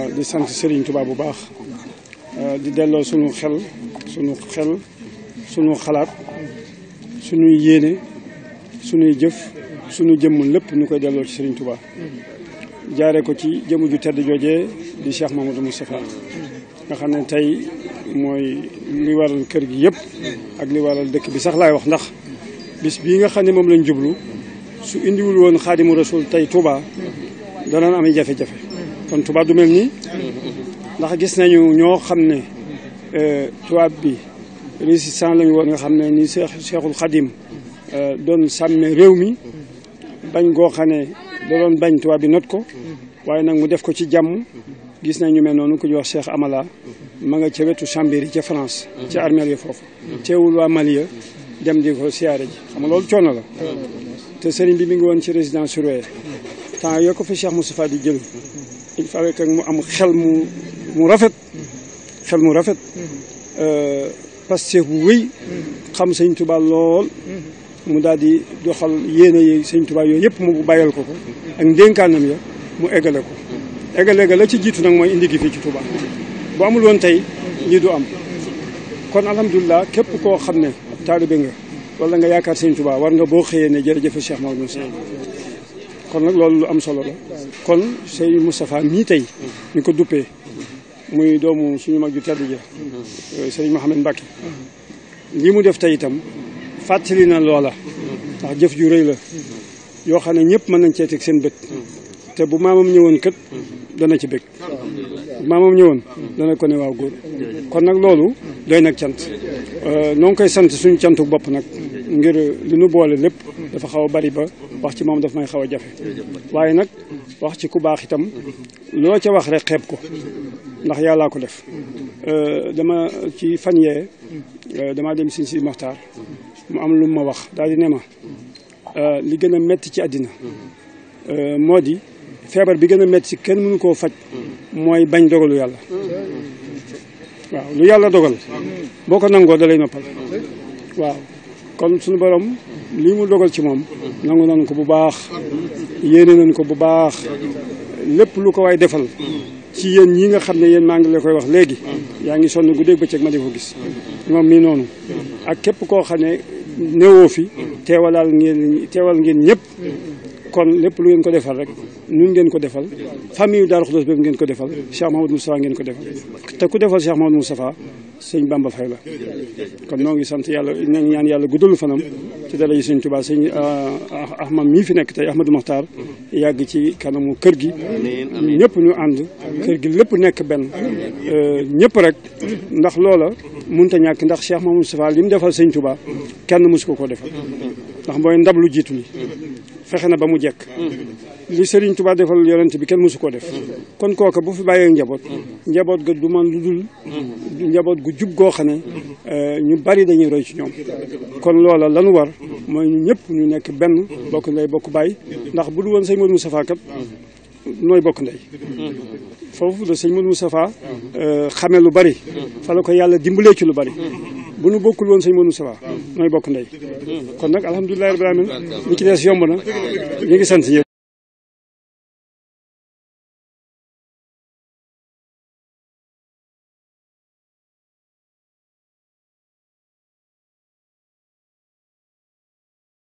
di sant Serigne Touba bu bax di delo suñu xel suñu xel suñu xalat sunu yene sunu jëf suñu jëm lépp ñukoy delo ci Serigne Touba jaare ko ci jëm ju tedd jojé di Cheikh Mamadou Moustapha nga xamné tay moy li waral kër gi yëpp ak li waral dëkk bi sax lay wax ndax bis bi nga xamné mom lañ jublu su indi wul won Xaadimu Rasuul tay Touba da danañ am jafe-jafe kon tubaab du mel nii ndax gis nañu ñoo xam ne euh, tubaab bi résistant lañu woon nga xam ne ni Seex Seexul Xadim doon sàmme réew mi bañ goo xam ne da doon bañ tubaab bi not ko waaye nag mu def ko ci jàmm gis nañ ñu mel noonu ku ñuy wax Cheikh Amala ma nga ca wetu Chambéry ca France ca armeel ya foofu teewul waa Mali ya dem di ko siyaare ji xam loolu coono la te sëriñ bi mi ngi woon ci résidence surveillée temps yoo ko fi Cheikh Moustapha di jël il fallait que mu am xel mu mu rafet xel mu rafet euh, Pastef bu wéy xam sëñ Tuubaa lool mu daal di doxal yéene yi sëñ Tuubaa yooyu yëpp mu bàyyal ko ko ak ndénkaanam ya mu eggale ko eggale ga la ci jiitu nag mooy indi gi fii ci Tuubaa bu amul woon tey lii du am kon alhamdulilah képp koo xam ne taalibe nga wala nga yaakaar sëñ Tuubaa war nga boo xëyee ne jërëjëf Cheikh Maodo Moussa kon nag loolu lu am solo la kon sëñ Moustapha mii tey ñu ko duppee muy doomu suñu mag ju tedd ja sëñ Mouhamed Mbacke lii mu def tey itam fàttali na loola ndax jëf ju rëy la yoo xam ne ñëpp mën nañ cee teg seen bët te bu maamam ñëwoon kët dana ci bëgg bu maamam ñëwoon dana ko ne waaw góor kon nag loolu doy nag cant euh, noo ngi koy sant suñu cantu bopp nag ngir li nu boole lépp dafa xaw a bari ba wax ci moom daf may xaw a jafe waaye nag wax ci ku baax itam loo ca wax rek xeeb ko ndax yàllaa ko def euh, dama ci fan yee euh, damaa dem siñ si Moxtaar mu am lu ma wax daal di ne ma euh, li gën a metti ci àddina moo di feebar bi gën a metti kenn mënu koo faj mooy bañ dogalu yàlla waaw lu yàlla dogal boo ko nangoo da lay noppal waaw kon suñu borom lii mu dogal ci moom nangu nañ ko bu baax yéene nañ ko bu baax lépp lu ko waay defal ci yéen ñi nga xam ne yéen maa ngi la koy wax léegi yaa ngi sonn guddeeg bëccëg ma di ko gis moom mii noonu ak képp koo xam ne néewoo fi teewalaal ngeen teewal ngeen ñëpp kon lépp lu ngeen ko defal rek ñun ngeen ko defal famille Daaru Xudoos bépp ngeen ko defal Cheikh Mahamadou Moustapha ngeen ko defal te ku defal Cheikh Mahamadou Moustapha sëñ Bamba Fay la kon noo ngi sant yàlla nañ ñaan yàlla guddalu fanam ci dara yi sëñ Tuubaa sëñ Ahmad mii fi nekk tey Ahmadou Maxtaar yàgg ci kanamu kër gi ñëpp ñu ànd kër gi lépp nekk benn ñëpp rek ndax loola mënut a ñàkk ndax Cheikh Mahamadou Moustapha li mu defal sëñ Tuubaa kenn mosu ko ko defal ndax mooy ndab lu jiitu li fexe na ba mu jekk li Serigne Touba defal yonent bi kenn mosu koo def kon kooka bu fi bàyyee njaboot njaboot ga du man lu njaboot gu jub goo xam ne eh, ñu bari dañuy roy ci ñoom kon loola lanu war mooy ñu ñëpp ñu nekk benn bokk ndey bokk bàyyi ndax bu woon sëñ Modou Moustapha kat nooy bokk ndey foofu la sëñ Modou Moustapha eh, xame lu bari fa ko yàlla dimbalee ci lu bari bu nu bokkul woon sëñ Modou Moustapha nooy bokk ndey kon nag alhamdulilahi rabbil alamin li ci des yomb na ñu ngi sant ñëpp